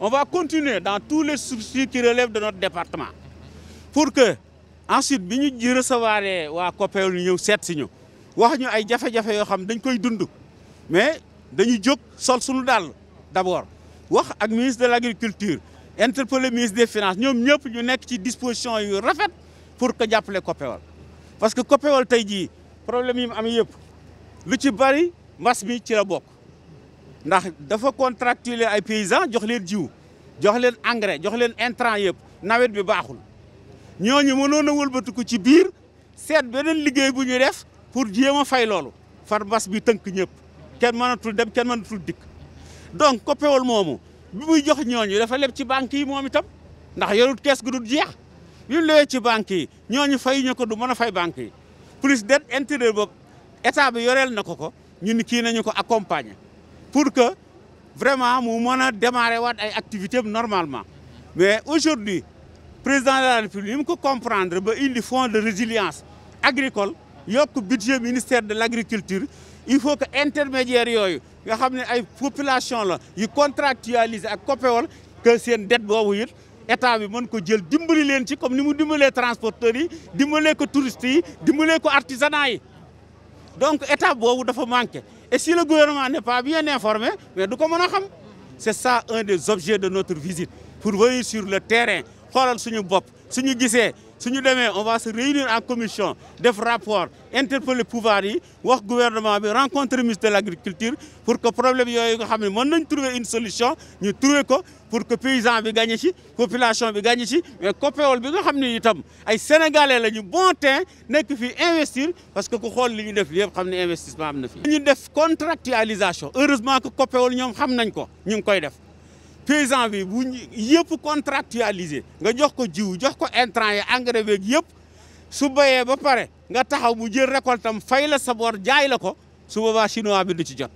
on va continuer dans tous les substituts qui relèvent de notre département pour que ensuite bi ñu recevoir copéoles, nous nous ñu wax ñu mais nous avons sol d'abord ministre de l'agriculture le ministre des finances nous avons disposition pour que parce que les problème yi que nous avons ndax dafa contractuler ay paysans jox leen jiw jox leen engrais jox leen intrant yëpp nawet bi baaxul ñooñu mënoon a wëlbatiku ci biir seet beneen liggéey bu ñuy def pour jéem a fay loolu far mbas bi tënk ñëpp kenn mënatul dem kenn mënatul dikk donc COPEOL moomu bi muy jox ñooñu dafa leb ci banques yi moom itam ndax yorut kees gu dul jeex bi mu lewee ci banques yi ñooñu fay ñu ko du mën a fay banques yi plus dette intérieur boobu état bi yoreel na ko ko ñu ni kii nañu ko accompagner. pour que vraiment nous mën démarrer waat activités normalement mais aujourd'hui le président de la république peut faut comprendre qu'il faut fonds de résilience agricole Il le budget ministère de l'agriculture, il faut que intermédiaire yooyu nga xam ay population la yu contractualisé ak COPEOL que seen dette boobu it état bi mën ko jël dimbali leen ci comme ni mu les transporteurs yi touristes yi les ko donc étape boobu dafa manquer. et si le gouvernement n'est pas bien informé mais du ko c'est ça un des objets de notre visite pour venir sur le terrain xoolal suñu qu'on suñu si nous, demain, on va se réunir en commission des rapport interpeller pouvoir yi wax gouvernement rencontrer le ministre de l'Agriculture, pour que problème soit nga une solution nous trouver pour que paysans bi gagné la population bi gagné ci mais COPEOL bi nga xam itam sénégalais ont ñu bon temps fi investir parce que ku de li ñu def investissement am contractualisation heureusement que les copains xam nañ ko ñu paysan bi bu yëpp contractualisé nga jox ko jiw jox ko intrant yi engrais beeg yëpp su béyee ba pare nga taxaw mu jël récolte am fay la sa bor jaay la ko su boobaa chinois bi du ci jot.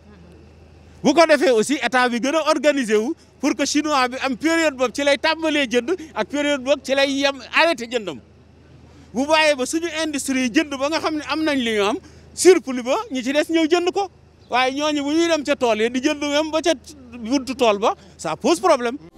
bu ko defee aussi état bi gën a organiser wu pour que chinois bi am période boobu ci lay tàmbalee jënd ak période boobu ci lay yem arrêté jëndam bu bàyyee ba suñu industrie yi jënd ba nga xam ne am nañ li ñu am surplus ba ñi ci des ñëw jënd ko. waaye ñooñu bu ñuy dem ca tool ye di jënd même ba ca buntu tool ba ça pose problème.